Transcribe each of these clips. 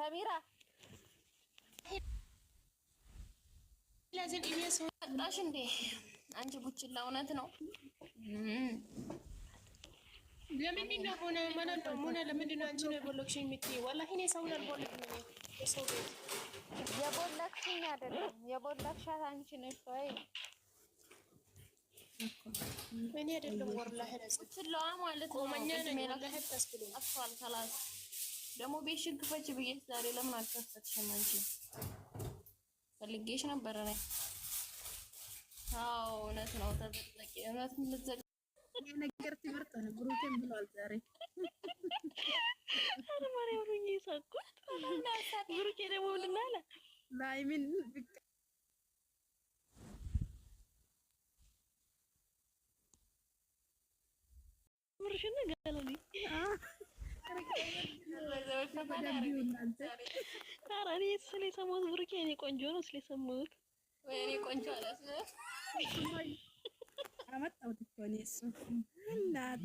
ሰሚራ ጣሽ እንዴ አንቺ ጉችላ እውነት ነው። ለምንድን ነው ሆነ ማለት ነው? ሆነ ለምንድን ነው አንቺ ነው የቦለክሽኝ የምትይው? ወላሂ እኔ ሰውን አልቦለክም። እኔ የሰው ቤት የቦለክሽኝ አይደለም የቦለክሻት አንቺ ነሽ ወይ? እኔ አይደለም ወላሂ ነጽ ጉችላዋ ማለት ነው። ቆመኛ ነኝ ወላሂ ተስብሎ አፍቷል። ሰላም ደግሞ ቤትሽን ክፈች ብዬ ዛሬ ለምን አልከፈትሽም? አንቺ ፈልጌሽ ነበረ ነ አዎ እውነት ነው። ተዘቅዘቂ እውነት ምልዘቅ ነገር ትምህርት ነው። ብሩኬን ብሏል ዛሬ አርማሪ ሩኝ ሳቁት። ብሩኬ ደግሞ ምንድን አለ ላይ ምን ምርሽን ገለኒ እኔ ስለ የሰማሁት ብሩኬ፣ እኔ ቆንጆ ነው ስለ የሰማሁት ወይኔ ቆንጆ አላት አመጣሁት እኮ እኔ እሱ እናት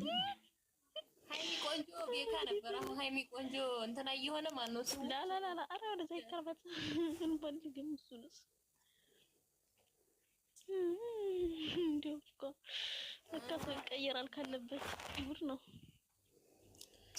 ሀይሚ ቆንጆ ቤካ ነበር። አሁን ሀይሚ ቆንጆ እንትና እየሆነ ማነው ስሙ? ላላላላ አረ ወደዛ ይቀርበት እንፈልግም። እሱንስ እንዲሁ እኮ በቃ ሰው ይቀየራል ካለበት ምር ነው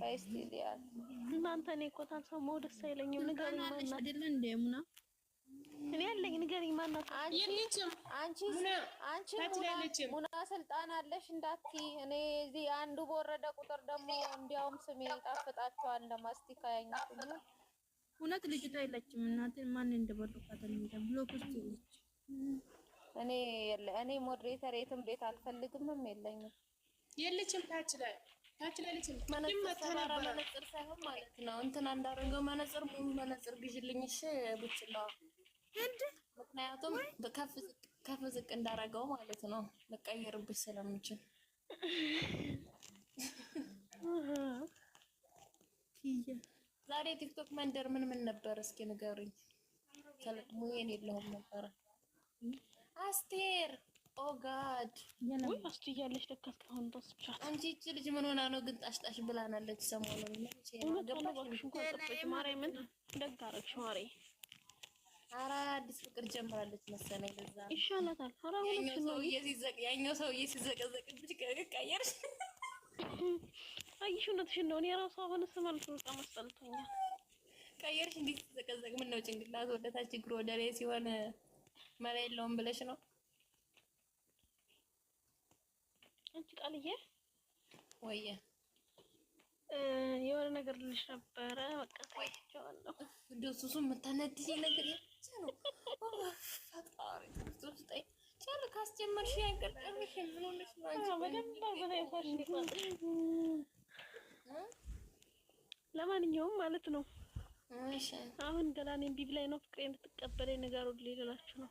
ባይስቲሊያል እናንተ እኔ እኮ ታልሰማው ደስ አይለኝም። ንገሪኝ ማናት እንደ ሙና እኔ ያለኝ ንገሪኝ ማናት አንቺ አንቺ ሙና ስልጣን አለሽ እንዳትዪ። እኔ እዚህ አንዱ በወረደ ቁጥር ደግሞ እንዲያውም ስሜ ጣፍጣቸዋል ለማስቲካ ያኛት እውነት ልጅቷ የለችም። እናት ማን እንደበለቃት ነው ብሎክ ውስጥ የለች። እኔ እኔ ሞዴሬተር የትም ቤት አልፈልግምም የለኝም። የለችም ታች ላይ መነጽር ሳይሆን ማለት ነው እንትና እንዳደረገው መነጽር ሙሉ መነጽር ግዢልኝ እሺ ቡችላዋ። ምክንያቱም ከፍ ዝቅ እንዳደረገው ማለት ነው ልቀይርብሽ ስለምችል ዛሬ ቲክቶክ መንደር ምን ምን ነበር? እስኪ ንገሩኝ። ተለቅሙ የለሁም ነበረ አስቴር ኦ ጋድ ወይ አስቲ እያለች ለካ እስካሁን ድረስ አንቺ ይቺ ልጅ ምን ሆና ነው ግን ጣሽጣሽ ብላናለች ሰሞኑን። ማርያምን ደግ አደረግሽ ማሬ። ኧረ አዲስ ፍቅር ጀምራለች መሰለኝ። ለዛ ይሻላታል። ኧረ ያኛው ሰውዬ ሲዘቀዘቅብሽ ቀየርሽ። አየሽ፣ እውነትሽን ነው። እኔ አሁን ስመልሱ በጣም አስጠልቶኛል። ቀየርሽ እንዴት ሲዘቀዘቅ። ጭንቅላት ወደታች እግር ወደ ላይ ሲሆን መላ የለውም ብለሽ ነው ቃልዬ ወየ የሆነ ነገር ልልሽ ነበረ። በቃ ታይቼዋለሁ። እንደው ሱሱ የምታነድሽ ነገር ነው። ካስጀመርሽ ያንቀርቀርሽ ነው? ለማንኛውም ማለት ነው አሁን ገላኔ ቢብ ላይ ነው ፍቅሬ እንድትቀበለኝ ንገሩልኝ ልላችሁ ነው።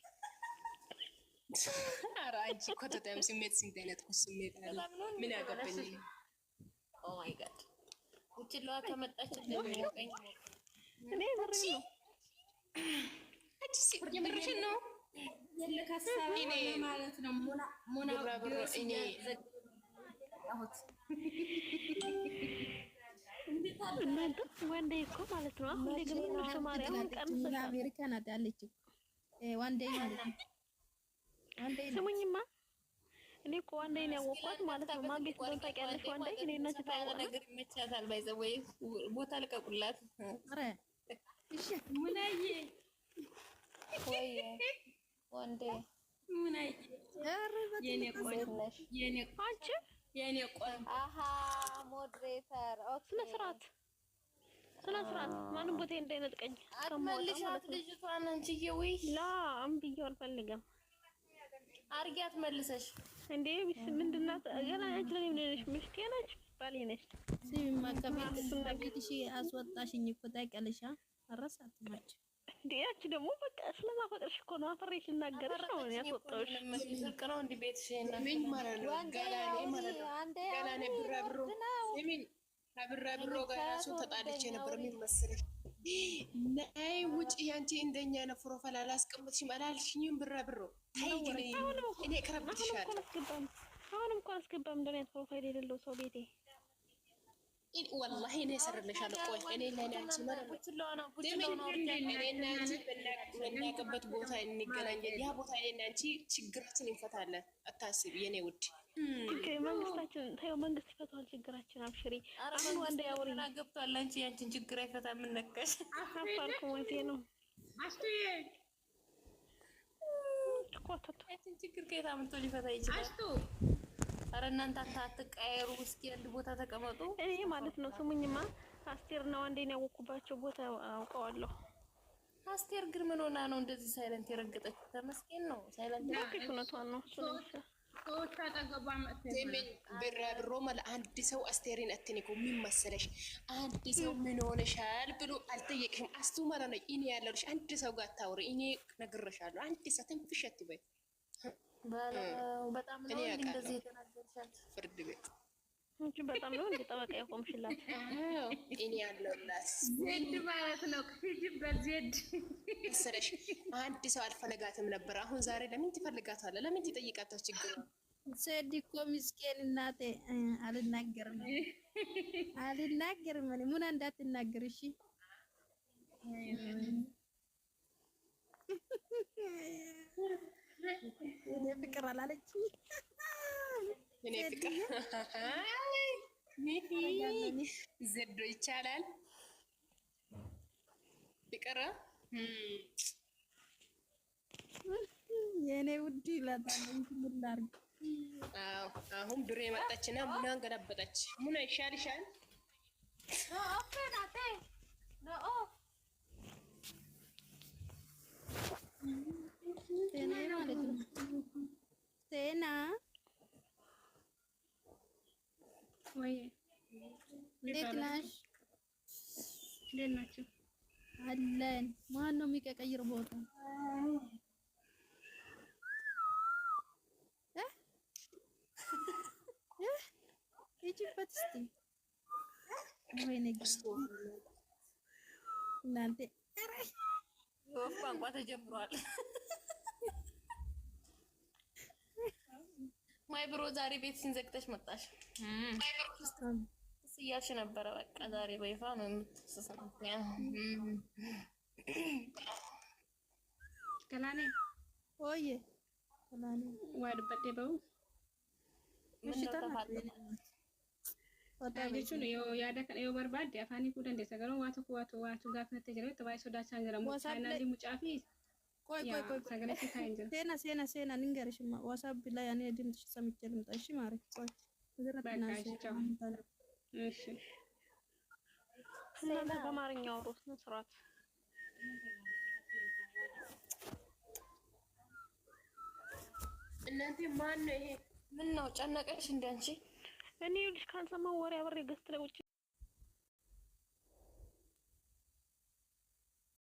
ኧረ አንቺ እኮ ተጠያም ስሜት ስንት አይነት እኮ ስሜት ምን ያገባኝ? ኦ ማይ ጋድ ከመጣች እኔ ነው ነው ማለት ነው ሞና እናንተ ወንዴ እኮ ማለት ነው አሁን ማርያም ናት ያለችው ወንዴ ማለት ነው ስሙኝማ እኔ እኮ ዋንዳይ ነው ያወቅኳት ማለት ነው። ማን ቤት ነው ታውቂያለሽ? ዋንዳይ እኔ እና ሲታወቅ ነገር ይመቻታል። ባይዘው ወይ ቦታ ልቀቁላት። አረ እሺ ሙናዬ ወይ ዋንዳይ ሙናዬ አረ የኔ ቆንጆ የኔ አንቺ የኔ ቆንጆ አሀ ሞዴሬተር ኦኬ። ስነ ስርዓት ስነ ስርዓት ማንም ቦታ እንዳይነጥቀኝ። አትመልሻት ልጅቷን አንቺዬ። ወይ ላ እምብዬው አልፈልግም አርጊያት መልሰሽ እንዴ ምንድናት? ገና አንቺ ለኔ ምን ነሽ? ምሽቴ ነሽ? ባሌ ነሽ? ሲማ ከቤትሽ አስወጣሽኝ እኮ ታውቂያለሽ። አረሳትማች እንዴ አንቺ ደግሞ በቃ ስለማፈቅርሽ እኮ ነው አፈሬ ሲናገርሽ ነው እኔ ያስወጣሁሽ። ፍቅር ነው እንዴ ቤትሽ እና ምን ማለት ነው? ጋላኔ ማለት ብራብሮ ምን ብራብሮ ጋር እራሱ ተጣልቼ ነበር የሚመስለኝ ናይ ውጭ ያንቺ እንደኛ ነው ፕሮፋይል አላስቀምጥሽም አላልሽኝም። ብራ ብሮ ታይ ግን እኔ ቀረብትሻለሁ። አሁንም እኮ አስገባም እንደኔ ፕሮፋይል የሌለው ሰው ቤቴ ወላሂ እኔ እሰርልሻለሁ። ቆይ እኔ ለእኔ አንቺ የምናውቅበት ቦታ እንገናኛለን። ያ ቦታ እኔ አንቺ ችግራችን እንፈታለን። አታስቢ የኔ ውድ። መንግስታችን ተይው፣ መንግስት ይፈታዋል ችግራችን። አብሽሪ። አሁን ወንድ ያውሪና ገብቷል። አንቺ ያንቺን ችግር አይፈታ ምን ነካሽ? አሳፋልኩ ነው ኮተቱ። ችግር ከየት አምጥቶ ሊፈታ ይችላል? ኧረ እናንተ አትቀያየሩ፣ እስኪ አንድ ቦታ ተቀመጡ። እኔ ማለት ነው ስሙኝማ፣ ነው ዋንዴን ያወኩባቸው ቦታ አውቀዋለሁ። አስቴር ግን ምን ሆና ነው እንደዚህ ሳይለንት የረገጠች? ተመስገን ነው ሳይለንት ያረገጠች እውነቷን ነው። ሰዎች አጠገቧ ብሮ አንድ ሰው አስቴሪን ምን መሰለሽ አንድ ሰው ምን ሆነሻል ብሎ አልጠየቅሽም። አስቱ ማለት ነው እኔ ያለሁልሽ። አንድ ሰው ጋር አታውሪ። እኔ ነግሬሻለሁ። አንድ ሰው ትንፍሽ አትበይ በጣም ነው እንደዚህ የተናገርሻት ፍርድ ቤት አንቺን በጣም ነው እንደ ጠበቃ የቆምሽላት። እኔ ያለውላት ዜድ ማለት ነው። ክፍጅበት ዜድ መሰለሽ አንድ ሰው አልፈለጋትም ነበር። አሁን ዛሬ ለምን ትፈልጋታለህ? ለምን ትጠይቃታለህ? ችግር ዜድ እኮ ምስኪን እናቴ። አልናገርም አልናገርም ምን እንዳትናገር እሺ እኔ ፍቅር አላለች እኔ ፍቅር ዘዶ ይቻላል ፍቅር የእኔ ውድ ይላታል። ምን ላድርግ? አዎ አሁን የመጣችና ሙና ገለበጠች። ሙና ይሻል ይሻል ማለት ነው እንዴት ነሽ? እንዴት ናችሁ? አለን። ማን ነው የሚቀቀይር ቦታ ሂጂበት እስኪ። ወይኔ እናንተ ቋንቋ ተጀምሯል። ማይ ብሮ ዛሬ ቤት ሲንዘግተሽ መጣሽ። እያልሽ ነበረ። በቃ ዛሬ በይፋ ነው የምትስስነት። ገላኔ ኦዬ ገላኔ ዋድበዴ በው jechuun yoo yaada kana yoo barbaadde afaanii kuu dandeessa garuu waa tokko waa waa dhugaa kanatti jira itti baay'ee sodaachaa jira mucaafi mucaa fi ቆይ ቆይ ቆይ sagalee fi kaa'in jira seena seena seena nin garishima wasaappi laa yaani edimtishi samichee limxa ishi maari ቆይ sirratti naasee እሺ እናንተ በአማርኛ አውሩ ስነ ስርዓት። እናንተ ማን ነው ይሄ? ምን ነው ጨነቀሽ? እንዳንቺ እኔ ልጅ ካልሰማ ወሬ አብሬ ገዝት